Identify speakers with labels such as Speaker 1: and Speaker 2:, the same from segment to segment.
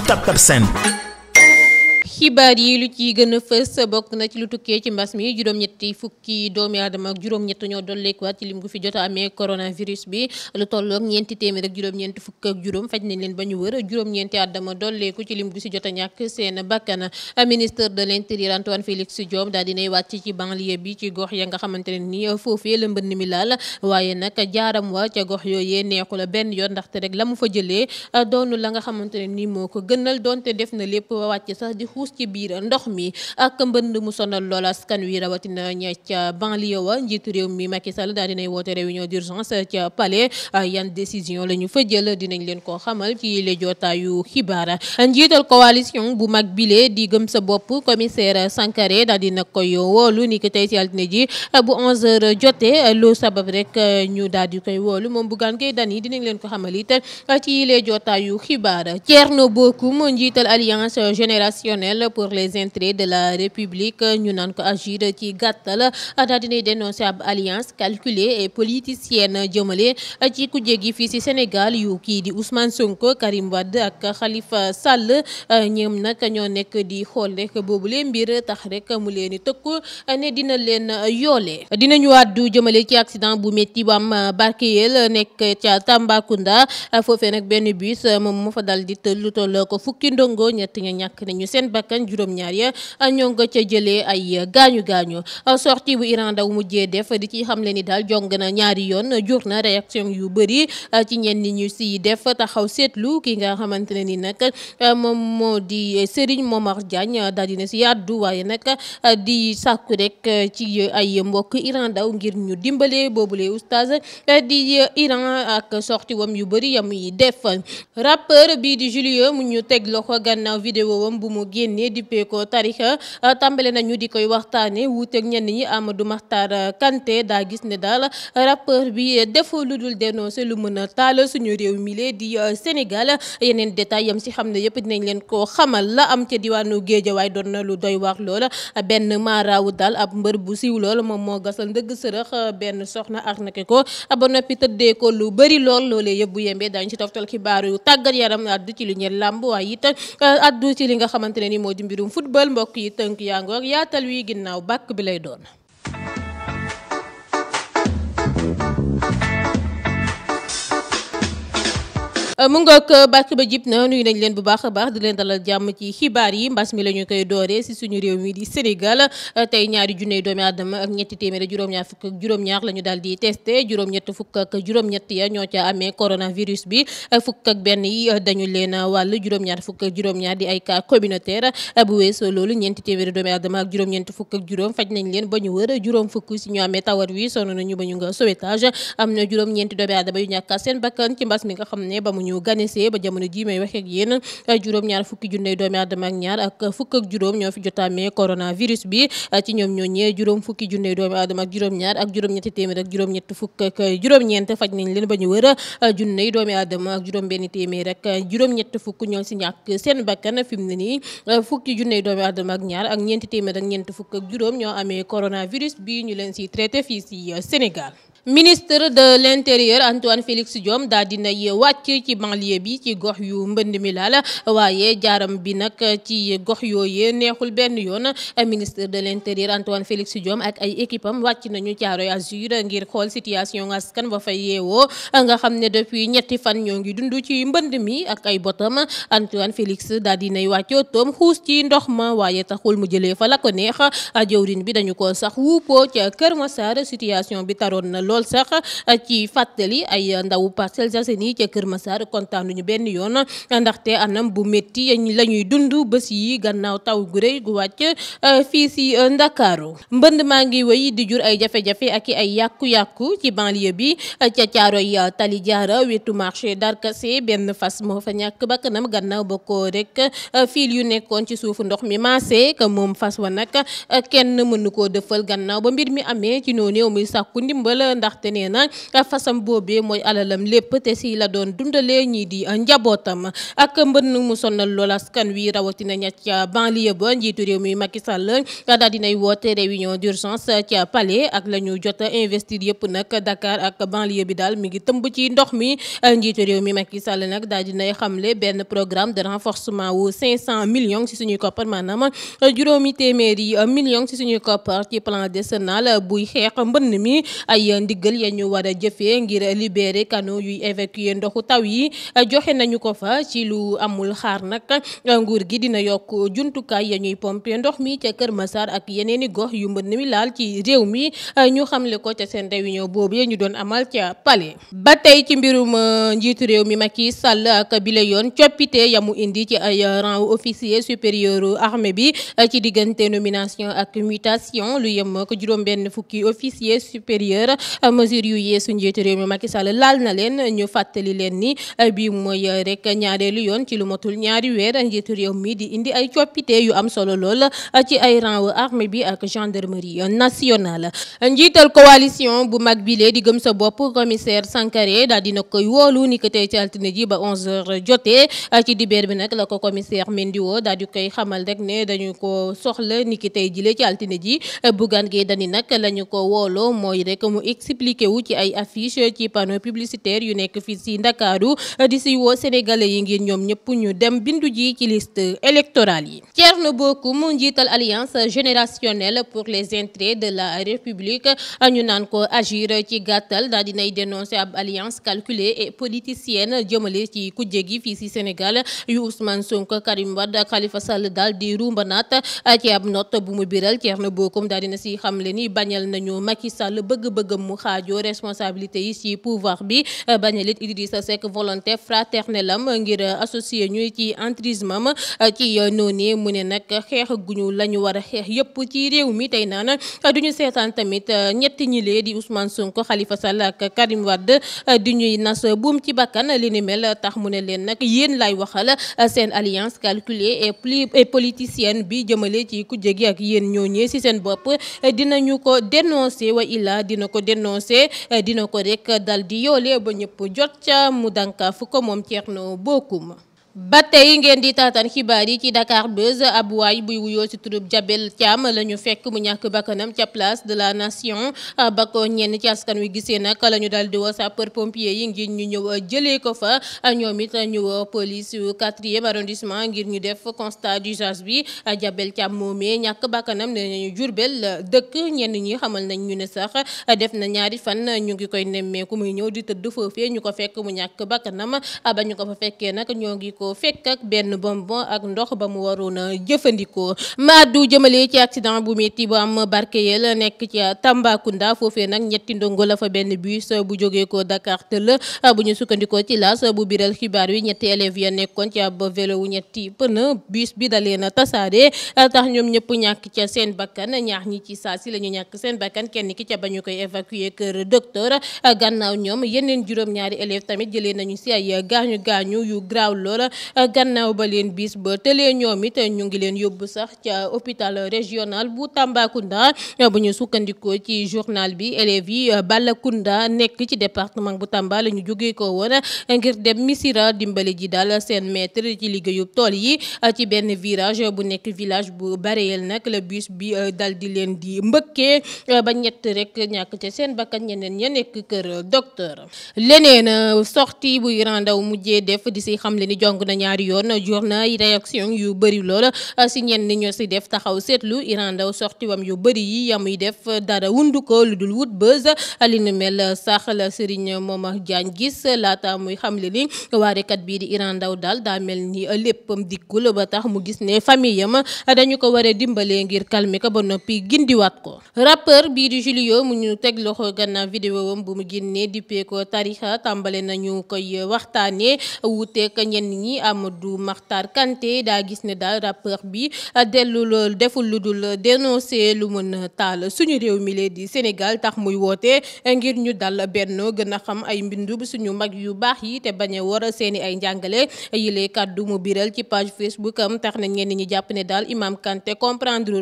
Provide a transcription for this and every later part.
Speaker 1: of Tap Tap Send
Speaker 2: xibaar yi lu ciy gën a fës bokk na ci lu tukkee ci mbas mi juróom-ñetti fukki doomi aadama ak juróom-ñett ñoo dolleekuwaat ci lim gu fi jot a amee coronavirus bi lu tolloog ñeenti téeméer ak juróom-ñeenti fukk ak juróom faj nañ leen ba ñu wër juróom-ñeenti aadama dolleeku ci lim gu si jot a ñàkk seen bakkan ministre de l'intérieur Antoine Félix Diome daal dinay wàcc ci banlieue bi ci gox ya nga xamante ne ni foofee la mbënn mi laal waaye nag jaaram wa ca gox yooyee neexu la benn yoon ndaxte rek la mu fa jëlee doonu la nga xamante ne ni moo ko gënal doonte def na lépp wàcc xuus ci biir ndox mi ak mbënd mu sonal lool askan wi rawatina ña ca banlieue wa njiitu réew mi Macky Sall daal dinay woote réunion d'urgence ca palais yan décision la ñu fa ci le jotaayu xibaar njiital coalition bu mag bile di gëm sa bopp ni ki tey si ji bu 11h jotee lu sabab ñu daal di koy woolu moom Bougane Gueye Dany dinañ leen ko njiital alliance générationnelle National pour les intérêts de la République ñu naan ko agir ci gàttal daal dinay dénoncer ab alliance calculée et politicienne jëmale ci kujje gi fii ci Sénégal yu kii di Ousmane Sonko Karim Wade ak Khalifa Sall ñoom nag ñoo nekk di xool boobu boobule mbir tax rek mu leen di tëkku ne dina leen yoole dina dinañu àddu jëmale ci accident bu métti bu am Barkeyel nekk ca Tambacounda foofee nag benn bus moom moo fa dal di tël lu ko fukki ndongo ñett ña ñàkk bakkan juróom-ñaar ya ah, ñoo nga ca jëlee ay gaañu gaañu ah, sortie bu Iran daw mujjee def di ci xamle ni daal jong na ñaari yoon jur na réaction yu bëri ah, ci ñenn ni ñu siy def taxaw seetlu ki nga xamante ne ni nag moom moo di Serigne Momar Diagne daal dina si yàddu waaye nag di sàkku rek ci ay mbokk Iran daw ngir ñu dimbale boobule oustaz di Iran ak sortie wam yu bëri yamuy def rappeur bii di Julien mu ñu teg loxo gannaaw vidéo wam bu mu génn ni dippeekoo tarixa euh, tàmbale nañu di koy waxtaane wuuteeg ñenn ñi Amadou Mahtar euh, kante daa gis ne daal rappeur bi defoo lu dul dénoncé lu mën a taal suñu réew mi lee di euh, Sénégal yeneen détails yam si xam ne yëpp dinañ leen koo xamal la am ca diwaanu Géejawaay doon na lu doy waar lool benn maaraawu daal ab mbër bu siiw lool moom moo gasal ndëgg sërëx benn soxna arnaqué ko ab ba noppi tëddee ko lu bari lool loolee yëpp bu daa daañu ci toftal xibaaru tàggat yaram addu ci lu moo di mbirum football mbokk yi tënk yaa ngoog yaatal wi ginnaaw bakk bi lay doon. Euh, mu ngoog euh, bàkk ba jib na nuyu nañ leen bu baax a baax di leen dalal jàmm ci xibaar yi mbas mi la ñu koy dooree si suñu réew mi di Sénégal euh, tey ñaari junne doomi aadama ak ñetti téeméeri juróom-ñaar fukk ak juróom-ñaar la ñu daal di testé juróom-ñett fukk ak juróom-ñett ya ñoo ca amee coronavirus bi fukk ak benn yi dañu leen wàll juróom-ñaar fukk ak juróom-ñaar di ay cas communautaire bu weesoo loolu ñeenti téeméeri doomi aadama ak juróom-ñeent fukk ak juróom faj nañ leen ba ñu wër juróom fukk si ñu amee tawat wi sonn nañu ba ñu nga am ne ba mu ñu ganisee ba jamono ji may waxee ak yéen eh, juróom-ñaar fukki junney doomi aadama ak ñaar ak fukk ak juróom ñoo fi jotaamee coronavirus bi eh, ci ñoom ñoo ñee juróom fukki junney doomi aadama ak juróom-ñaar ak juróom-ñetti téeméer ak juróom-ñett fukk ak eh, juróom-ñeent faj nañ leen ba doomi aadama ak juróom-benn téeméer juróom-ñett fukk ñoo si ñàkk seen bakkan fi mu ne nii fukki junney doomi aadama ak ñaar ak ñeenti téeméer ak ñeent fukk ak juróom ñoo amee coronavirus bi ñu leen si traité fii si Sénégal ministre de l'intérieur Antoine Félix Diome daal dinay wàcc ci banlieue bi ci gox yu mbënd mi laal waaye jaaram bi nag ci gox yooyee neexul benn yoon ministre de l'intérieur Antoine Félix Diome ak ay équipe am wàcc nañu Caaroy Azur ngir xool situation askan ba fa yewoo nga xam ne depuis ñetti fan ñoo ngi dund ci mbënd mi ak ay botam Antoine Félix daal dinay wàccoo toom xuus ci ndox ma waaye taxul mu jëlee fa la ko neex jëwriñ bi dañu ko sax wuupoo ca situation bi taroon na lool sax euh, ci fàttali ay ndawu Parcelles Assainies ca Kër ma saar Massar kontaanuñu benn yoon ndaxte anam bu métti la ñuy dund bés yi gannaaw taw gu rëy gu wàcc euh, fii si euh, Ndakaaru mbënd maa ngi wéy di jur ay jafe-jafe ak i ay yàqu-yàqu ci banlieue bi ca caaro Caaroy Tali Jaara wetu marché Darkase benn fas moo fa ñàkk bakkanam gannaaw ba ko rek fiil yu nekkoon ci suufu ndox mi maase ka moom fas wa nag kenn mënu koo dëfal gannaaw ba mbir mi amee ci noonu muy sàkku ndaxte nee na fasam boobee mooy alalam lépp te si la doon dundalee ñii di njabootam ak mbënn mu sonal lool askan wi rawatina ña ca banlieue ba njiitu réew mi Macky Sall daal dinay woote réunion d'urgence ca palais ak la ñu jot investir yëpp nag Dakar ak bi daal mi ngi tëmb ci ndox mi njiitu réew mi Macky Sall nag daal dinay xamle benn programme de renforcement wu 500 millions ci suñuy koppar maanaam juróomi téeméeri millions ci suñuy koppar ci plan décennal buy xeex mbënn mi ay ndiggal ya ñu war a jëfe ngir libérer canaux yuy évacuer ndoxu taw yi joxe nañu ko fa ci lu amul xaar nag nguur gi dina yokk jumtukaay ya ñuy pomper ndox mi ca Kër Massar ak yeneen i gox yu mbënn mi laal ci réew mi ñu xamle ko ca seen réunion boobu ñu doon amal ca Palais. ba tey ci mbirum euh, njiitu réew mi Macky Sall ak bile yoon coppite ya mu indi ci ay rang officier supérieur armée bi ci diggante nomination ak mutation lu yem ak juróom-benn fukki officier supérieur Euh, mesure yu yeesu njiitu réew mi Macky Sall laal na leen ñu fàttali leen ni euh, bii mooy euh, rek ñaareelu yoon ci lu matul ñaari weer njiitu réew mi di indi ay coppite yu am solo lool ci ay rang armée bi ak gendarmerie nationale njiital coalition bu mag bile di gëm sa bopp commissaire Sankaré daal dina koy woolu ni ko tey ci altine ji ba 11h jotee ci dibeer bi nag la ko commissaire Mendiwo daal di koy xamal rek ne dañu ko soxla ni ki tey jile ci ji expliqué wu ci ay affiche ci panneau publicitaire yu nekk fii si Ndakaaru di si woo sénégalais yi ngir ñoom ñëpp ñu dem bindu ji ci liste électorale yi Thierno Bocoum njiital alliance générationnelle pour les intérêts de la république ñu naan ko agir ci gàttal daal dinay dénoncer ab alliance calculée et politicienne jëmale ci kujje gi fii si Sénégal yu Ousmane Sonko Karim Wade Khalifa Sall daal di rumbanaat ci ab note bu mu biral Thierno Bocoum daal dina mu xaajoo responsabilité yi ci pouvoir bi euh, bañalit Idrissa Seck volonté fraternel am ngir euh, associé ñuy ci entrisme euh, ci noonu mu ne nag xeex guñu la ñu war a xeex yëpp ci réew mi tey naan duñu seetaan tamit ñetti ñi lee di Ousmane Sonko Khalifa Sall ak Karim Wade di ñuy nas buum ci bakkan li ni tax mu ne leen nag yéen lay waxal seen alliance calculée et politicienne bi jëmale ci kujje gi ak yéen ñooñee ci seen bopp dinañu ko dénoncer wa illa dina annoncé dina ko rek dal di yoole ba ñëpp jot ca mu fu ko moom Thierno Bocoum ba tey ngeen di taataan xibaar yi ci Dakar Buzz ab waay buy wuyoo ci turub Jabel Thiam la ñu fekk mu ñàkk bakkanam ca place de la nation ba ko ñenn ci askan wi gisee nag la ñu daal di woo sapeur pompier yi ngir ñu ñëw euh, jëlee ko fa ñoom it ñu woo police yu quatrième arrondissement ngir ñu def constat d'usage bi Jabel Thiam moomee ñàkk bakkanam ne nañu Jurbel dëkk ñenn ñi xamal nañ ñu ne sax def na ñaari fan ñu ngi koy nemmeeku muy ñëw di tëdd foofee ñu ko fekk mu ñàkk bakkanam ba ko fekk ak benn bonbon ak ndox ba mu waroon a jëfandikoo maadu jëmale ci accident bu métti bu am la nekk ci Tambacounda foofee nag ñetti ndongo la fa benn bus bu jógee ko Dakar tëll bu ñu sukkandikoo ci laas bu biral xibaar yi ñetti élèves ya nekkoon ci ab vélo wu ñetti pneu bus bi dalee na tasaare tax ñoom ñëpp ñàkk ca seen bakkan ñaax ñi ci saa si la ñàkk seen bakkan kenn ki ca ba ñu koy évacuer kër docteur gannaaw ñoom yeneen juróom-ñaari élèves tamit jëlee nañu si ay Euh, gannaaw ba leen biis ba tëlee ñoom it ñu ngi leen yóbbu sax ca hôpital régional bu Tambacounda euh, bu ñu sukkandikoo ci journal bi élèves yi euh, Balacounda nekk ci département bu Tamba la ñu jógee ko woon ngir dem Missira dimbali ji daal seen maître ci liggéeyu tool yi ci benn virage bu nekk village bu Baréel nag la biis bi dal di leen di mbëkkee ba ñett rek ñàkk ca seen bakkan ñeneen ña nekk kër docteur leneen sortie bu Iran Ndaw mujjee def di si xamle na ñaari yoon jur réaction yu bëri lool si ñenn ñoo si def taxaw seetlu Iran Ndaw sorti wam yu bëri yi yamuy def dara wundu ko lu dul wut bës li nu mel sax la Serigne a Diagne gis laata muy xamle ni waarekat bii di Iran Ndaw daal daa mel ni léppam dikkul ba tax mu gis ne famille am dañu ko war a dimbalee ngir calmer ba noppi gindiwaat ko rappeur bii di Julio mu ñu teg loxo gannaaw vidéo am bu mu génnee dippee tarixa tàmbale nañu ni Amadou Makhtar Kanté daa gis ne daal rappeur bi dellu lool deful lu dul dénoncé lu mën a taal suñu réew mi lee di Sénégal tax muy woote ngir ñu dal benno gën a xam ay mbindu suñu mag yu baax yi te bañ a war a seeni ay njàngale yilee kàddu mu biral ci page Facebook am tax na ñenn ñi jàpp ne daal Imam Kanté comprendre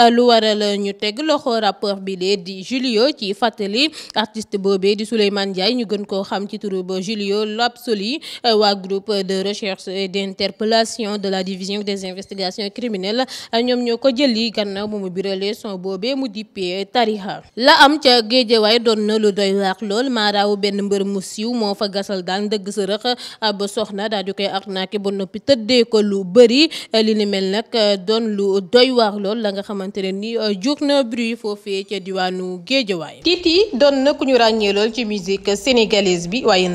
Speaker 2: euh, lu waral ñu teg loxo rappeur bi lee di Julio ci fàttali artiste boobee di Souleymane Ndiaye ñu gën koo xam ci turu Julio Lapsoli euh, waa groupe de recherche recherche et d'interpellation de la division des investigations criminelles ñoom ñoo ko jëli gannaaw bu mu biralee son boobee mu dippee tariha la am ca géejewaay doon na lu doy waax lool maaraawu benn mbër mu siiw moo fa gasal daan dëgg sa rëx ab soxna daal di koy arnaqué ba noppi tëddee ko lu bëri li ni mel nag doon lu doy waax lool la nga xamante ne ni jur na bruit foofee ca diwaanu géejewaay Titi doon na ku ñu ràññee lool ci musique sénégalaise bi waaye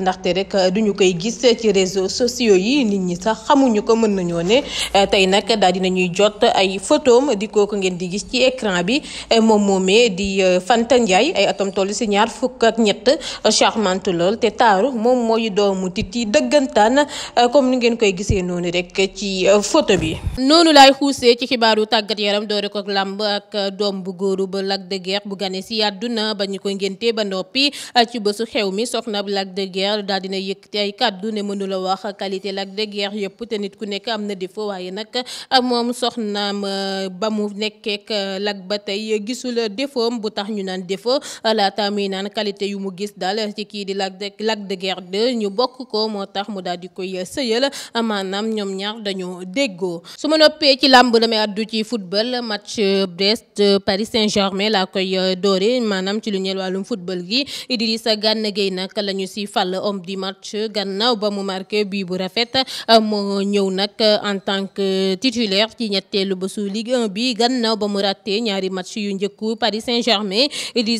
Speaker 2: ndaxte rek euh, duñu koy gis ci réseaux sociaux yi nit ñi sax xamuñu ko mën nañoo ne euh, tey nag daal dina ñuy jot ay photom di kooku ngeen di gis ci écran bi euh, moom moomee di Fanta Ndiaye ay atam toll si ñaar fukk ak ñett charmante lool te taaru moom mooy doomu Titi dëggantaan comme ni ngeen koy gisee noonu rek ci photo bi. noonu laay xuusee ci xibaaru tàggat yaram doo ko làmb ak doom bu góoru ba Lac de bu gane si àdduna ba ñu ko ngénte ba noppi guerre daal dina yëkkati ay kàddu ne mënula wax qualité Lac de Guiers yëpp te nit ku nekk am na défaut waaye nag moom soxnaam euh, ba mu nekkeek euh, Lac ba tey gisul défaut bu tax ñu naan défaut laata muy naan qualité yu mu gis daal ci kii di Lac de Lac de Guiers 2 ñu bokk ko moo tax mu daal di koy sëyal maanaam ñoom ñaar dañoo déggoo su ma noppee ci làmb damay addu ci football match Brest Paris Saint-Germain laa koy euh, doore maanaam ci lu ñeel wàllum football gi Idrissa Gana Gueye nag la la homme du match gannaaw ba mu marqué bii bu rafet euh, moo ñëw nag euh, en tant que titulaire ci ñetteelu bésu Ligue 1 bi gannaaw ba mu rattee ñaari match yu njëkku Paris Saint-Germain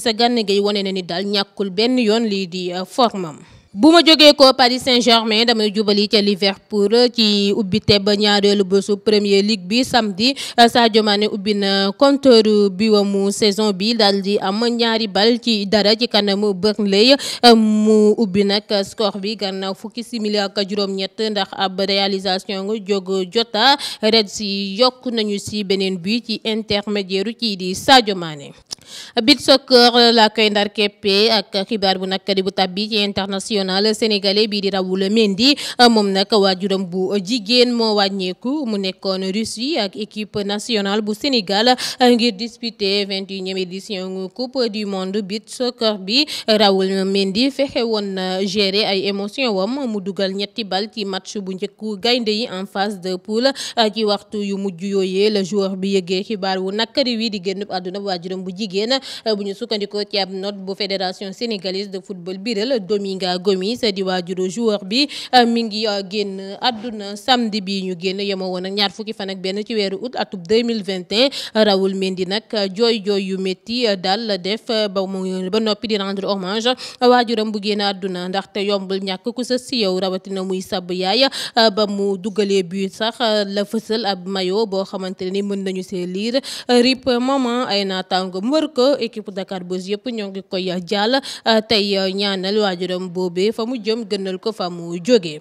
Speaker 2: sa Gana Gueye wone na ni daal ñàkkul benn yoon lii di euh, formam bu ma jógee ko Paris Saint-Germain damay jubali ca Liverpool ci ubbi teb ñaareelu bésu Premier League bi samedi Sadio Mané ubbi na compteur bi wamu saison bi daal di am ñaari bal ci dara ci kanamu Burnley mu ubbi nag score bi gannaaw fukki simili ak juróom-ñett ndax ab réalisation nga jóg jota Reds si yokk nañu si beneen bi ci intermédiaire ci di Sadio Mané bit soccer euh, la koy ndar ak xibaar bu nag bu tàbbi ci international sénégalais bii di Raoul Mendy euh, moom nag waajuram bu jigéen moo wàññeeku mu nekkoon Russie ak équipe nationale bu Sénégal euh, ngir disputer vingt et unième édition coupe du monde bit soccer bi Raoul Mendy fexe woon na gérer ay émotion wam mu dugal ñetti bal ci match bu njëkku gaynde yi en phase de poule ci waxtu yu mujj yooyee le joueur bi yëgee xibaar wu nag wi di génn àdduna bu jigéen jigéen bu ñu sukkandikoo ci ab note bu fédération sénégalaise de football biral Dominga Gomis di waajuru joueur bi mi ngi uh, génn àdduna samedi bi ñu génn yemoo woon ak ñaar fukki fan ak benn ci weeru août atub 2021 Raoul Mendy nag uh, jooy jooy yu métti uh, daal la def ba mu ba noppi di rendre hommage waajuram bu génn àdduna ndaxte yombul ñàkk ku sa si yow rawatina muy sab yaay ba mu dugalee but sax la fësal ab mayo boo xamante ni mën nañu se liir rip maman ay naataango alors que équipe Dakar Buzz yëpp ñoo ngi koy jàll tey ñaanal waajuram boobee fa mu jëm gënal ko fa mu jógee.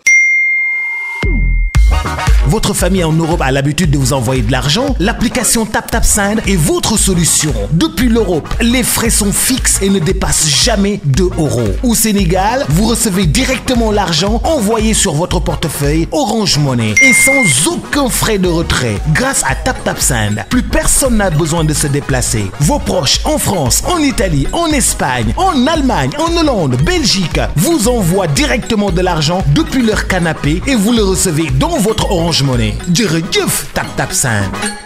Speaker 1: Votre famille en Europe a l'habitude de vous envoyer de l'argent. L'application TapTapSend est votre solution. Depuis l'Europe, les frais sont fixes et ne dépassent jamais 2 euros. Au Sénégal, vous recevez directement l'argent envoyé sur votre portefeuille Orange Money et sans aucun frais de retrait. Grâce à TapTapSend, plus personne n'a besoin de se déplacer. Vos proches en France, en Italie, en Espagne, en Allemagne, en Hollande, Belgique vous envoient votre Orange Money jërëjëf tap tap sen